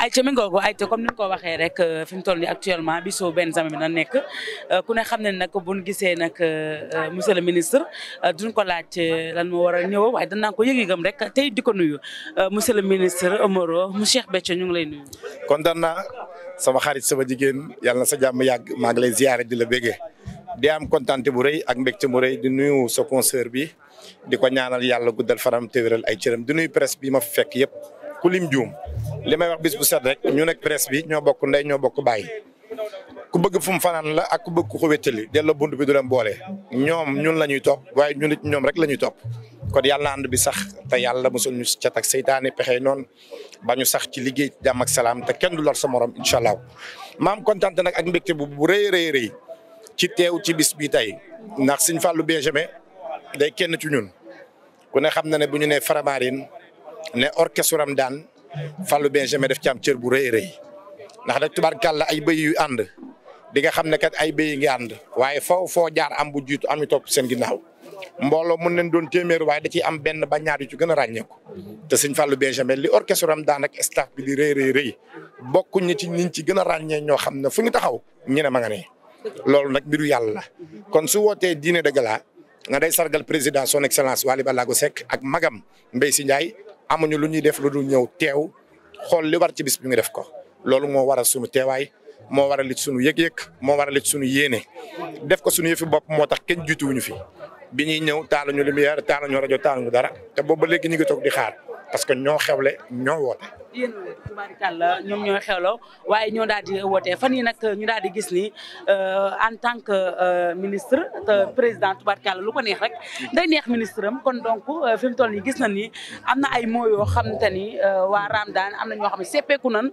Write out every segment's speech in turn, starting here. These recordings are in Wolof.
ay ca mi ngoogu ay ca comme ni nga ko waxee rek euh, fi mu toll nii actuellement bis o benn sami na nekk euh, ku ne xam ne nag bu ñu gisee nag euh, monsieur le ministre duñ ko laaj lan moo war a ñëw waaye ko yëg-yëgam rek tey di ko nuyu monsieur le ministre Omaro mu Cheikh Béthio ñu ngi lay nuyu. kontaan naa sama xarit sama jigéen yàlla na sa jàmm yàgg maa ngi lay ziare di la béggee di am kontaan bu rëy ak mbégte mu rëy di nuyu sa concert bi di ko ñaanal yàlla guddal faram téwéral ay cëram di nuyu presse bi ma fekk yëpp ku lim juum. li may wax bis bu set rek ñu nekk presse bi ñoo bokku ndey ñoo bokk bàyyi ku bëgg fu mu fanaan la ak ku bëgg ku ko wéttali delloo bunt bi du leen boole ñoom ñun la ñuy topp waaye ñun it ñoom rek la ñuy topp kon yàlla na ànd bi sax te yàlla mosul ñu cat ak seytaane pexe noonu ba ñu sax ci liggéey jàmm ak salaam te kenn du lor sa morom incha allah maam kontaan nag ak mbégte bu bu rëy rëy rëy ci teew ci bis bi tey ndax Sëñ Fallou Benjamin day kenn ci ñun ku ne xam na ne bu ñu nee Faramareen ne orchestre am daan Fallou Benjamin def ci am cër bu rëy rëy ndax nag tubaarkàlla ay bëy yu ànd di nga xam ne kat ay bëy ngi ànd waaye foo foo jaar am bu jiitu am yu topp seen ginnaaw mbooloo mën nañ doon téeméer waaye da ciy am benn ba ñaar ci gën a ràññeeku. te sëñ Fallou Benjamin li orchestre am daanaka staff bi di rëy rëy rëy bokkuñ ñu ci ñiñ ci gën a ràññee ñoo xam ne fu ñu taxaw ñu ne ma nga ne loolu nag mbiru yàlla la kon su wootee diine de gala nga day sargal président son excellence Waly Ballago Seck ak magam Mbaye Sy Ndiaye amuñu lu ñuy def lu dul ñëw teew xool li war ci bis bi ñu def ko loolu moo waral sunu teewaay moo waral li sunu yëg-yëg moo waral li sunu yéene def ko sunu yëfi bopp moo tax kenn jiituwuñu fi bi ñuy ñëw taaluñu lumière taaluñu rajo taaluñu dara te boobu ba léegi ñu ngi toog di xaar parce que ñoo xewle ñoo woote. yéen tubaarikàlla ñoom ñooy xewloo waaye ñoo daal di wootee fan yi nag ñu daal di gis ni euh, en tant que euh, ministre te président tubaarikàlla lu ko neex rek day neex ministre am kon donc euh, fi mu toll nii gis na ni am na ay mots yoo xamante ni waa Ramadane am na ñoo xam ne seppeeku nan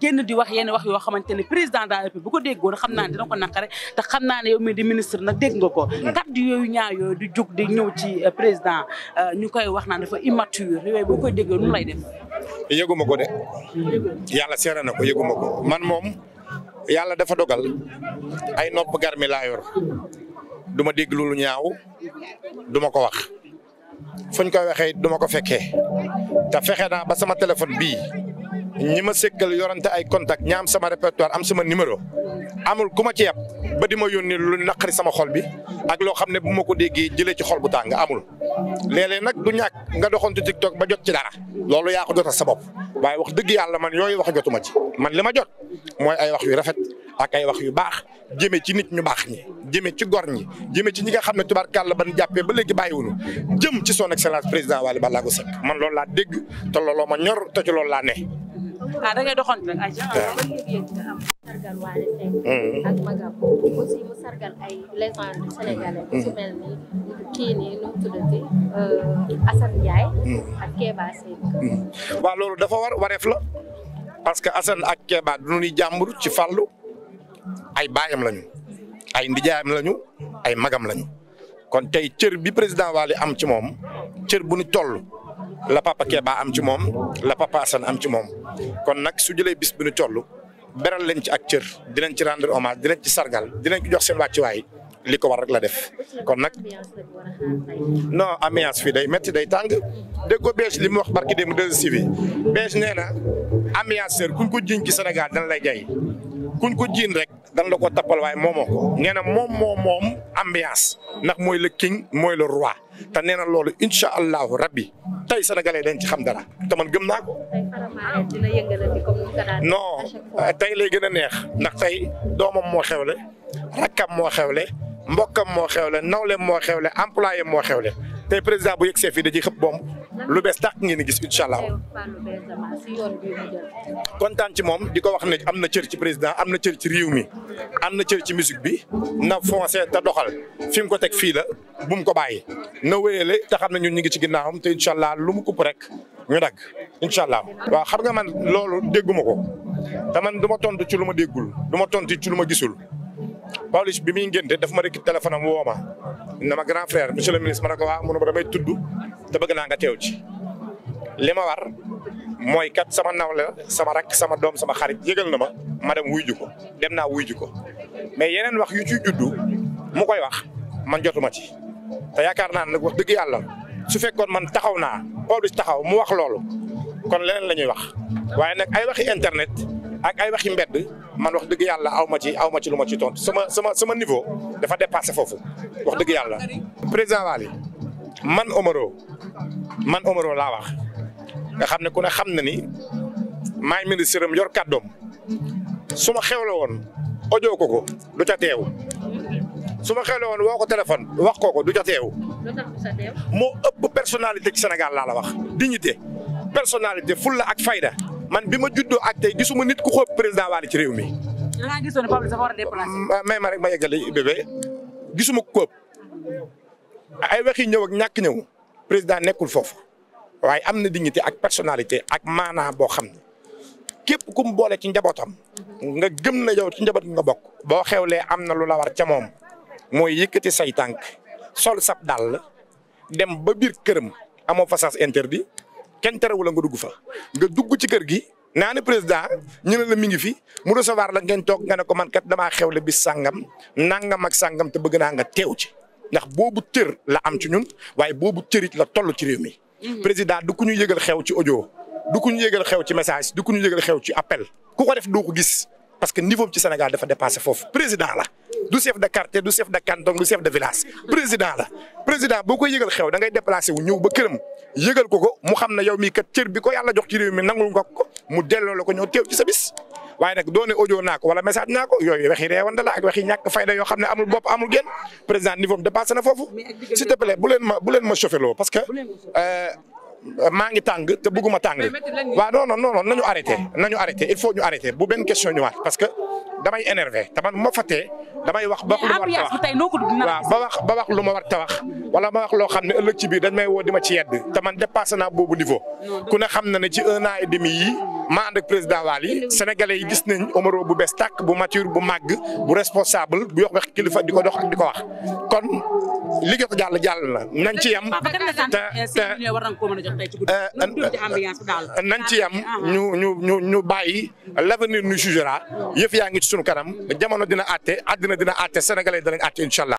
génn di wax yenn wax yoo xamante ni président de la République bu ko déggoon xam naa ne dina ko naqare te xam naa ne yow mii di ministre nag dégg nga ko mm. kaddu yooyu ñaar yooyu di jug di ñëw ci président ñu koy wax naan dafa immature yooyu boo koy déggoo nu lay def yëguma ko de yàlla seere na ko yëguma ko man moom yàlla dafa dogal ay nopp garmi laa yor du ma dégg lu ñaaw duma ko wax fuñ koy waxee duma ko fekkee te fexe naa ba sama téléphone bii ñi ma sékkal yorante ay contact ñaam sama répertoire am sama numéro amul ku ma ci yab ba di ma yónni lu naqari sama xol bi ak loo xam ne bu ma ko déggee jëlee ci xol bu tàng amul. léeg-léeg nag du ñàkk nga doxantu TikTok ba jot ci dara loolu yaa ko jotal sa bopp waaye wax dëgg yàlla man yooyu wax jotuma ci man li ma jot mooy ay wax yu rafet. ak ay wax yu baax jëmee ci nit ñu baax ñi jëmee ci gor ñi jëmee ci ñi nga xam ne tubaarkàlla ban jàppee ba léegi bàyyiwunu jëm ci son excellence président Waly Ballago Seck man loolu laa dégg te looloo ma ñor te ci loolu laa ne. ah da loolu dafa war wareef la parce que assan ak Kéba du ñuy jàmbur ci fàllu ay baayam lañu ay ndijaayam lañu ay magam lañu kon tey cër bi président Wally am ci moom cër bu ñu toll. la papa Keba am ci moom la papa Assane am ci moom kon nag su jëlee bis bi ñu toll beral leen ci ak cër ci rendre hommage dinañ ci sargal dinañ ci jox seen wàccuwaay li ko war rek la def kon nag no ambiance fii day métti day tàng ko bees li mu wax barki démb deux civil bees nee na ambianceur kuñ ko jiñ ci senegal dana lay jay kuñ ko jiin rek dan la ko tappal waaye moomoo ko nee na moom moom moom ambiance ndax mooy le king mooy le roi te nee na loolu incha allahu rabbi tey sénégalais dañ ci xam dara te man gëm naa ko. non tey lay gën a neex ndax tey doomam moo xewle rakkam moo xewle mbokkam moo xewle nawleem moo xewle employé moo xewle. tey président bu yegg see fii da ciy xëpp bomb lu bees tàq ngeen di gis incha allah kontaan ci moom di ko wax ne am na cër ci président am na cër ci réew mi am na cër ci musique bi na foncé te doxal fi mu ko teg fii la bu ko bàyyi na wéyale te xam ne ñun ñu ngi ci ginnaawam te incha allah lu mu kupp rek ñu dagg incha allah waaw xam nga man loolu dégguma ko te man du ma tontu ci lu ma déggul du ma ci lu ma gisul. Pawlish bi muy ngénte daf ma rek téléphone am woo ma na ma grand frère monsieur le ministre ma ne ko waa mu ne ma damay tudd te bëgg naa nga teew ci. li ma war mooy kat sama nawle sama rak sama doom sama xarit yëgal na ma ma dem wuy ju ko dem naa wuy ju ko mais yeneen wax yu ju juddu mu koy wax man jotuma ci. te yaakaar naa nag wax dëgg yàlla su fekkoon man taxaw naa Pawlish taxaw mu wax loolu kon leneen la ñuy wax waaye nag ay waxi internet. ak ay waxi mbedd man wax dëgg yàlla aw ma ci aw ma ci lu ma ci tontu sama sama sama niveau dafa dépassé foofu wax dëgg yàlla. président Waly man Omaro man Omaro laa wax nga xam ne ku ne xam na ni maay ministre am yor kàddoom su ma xewle woon audio ko ko du ca teew su ma xewle woon woo ko téléphone wax ko ko du ca teew. moo ëpp personnalité ci Sénégal laa la wax dignité personnalité fulla ak fayda. man bi ma juddoo ak tey gisuma nit ku xóob président Wally ci réew mi. da ma rek ma yeggale bébé gisuma ku xóob ay waxi ñëw ak ñàkk ñëw président nekkul foofu waaye am na dignité ak personnalité ak maanaa boo xam ne képp ku mu boole ci njabootam nga gëm na yow ci njaboot nga bokk. boo xewlee am na lu la war ca moom mooy yëkkati say tànk sol sab dàll dem ba biir këram amoo fa sens interdit. kenn terewul la nga dugg fa nga dugg ci kër gi naa ne président ñu ne la mi ngi fi mu recevoir la ngeen toog nga ne ko man kat xew le bis sàngam nangam ak sàngam te bëgg na nga teew ci ndax boobu tër la am ci ñun waaye boobu tërit la toll ci réew mi. Mhm. président du ku ñu yëgal xew ci audio du ku ñu yëgal xew ci message du ku ñu yëgal xew ci appel ku ko def doo ko gis parce que niveau ci Sénégal dafa dépassé foofu président la. du chef de quartier du chef de canton du chef de village président la président boo koy yëgal xew da ngay wu ñëw ba këram yëgal ko mu xam ne yow mii kat cër bi ko yàlla jox ci réew mi nangul nga ko mu delloo ko ñëw teew ci sa bis. waaye doone audio naa wala message naa ko yooyu waxi reewande la fayda yoo xam ne amul bopp amul génn président niveau dépassé na foofu s'il te plaît bu ma bu leen ma chauffé loo parce que. maa ngi tàng te bëgguma tàng waaw non non non nañu arrêté nañu arrêté il faut ñu arrêté bu benn question ñëwaat parce que damay énervé te man damay wax ba a ba wax ba wax lu ma war a wax wala ma wax loo xam ne ëllëg ci biir dañ may woo ma ci yedd te man dépassé naa boobu niveau ku ne xam na ne ci un demi yi ma ànd président Waly sénégalais yi gis nañ Omaro bu bees tàkk bu matire bu màgg bu responsable bu yox wax kilifa di ko dox ak di ko wax kon li jot jàll jàll na nañ ci yem. te eh, te eh, eh, nañ ci yem ah. ñu ñu ñu ñu bàyyi l'avenir nous jugera yëf yaa ngi ci sunu kanam jamono dina àtte àddina dina àtte sénégalais danañ àtte incha allah.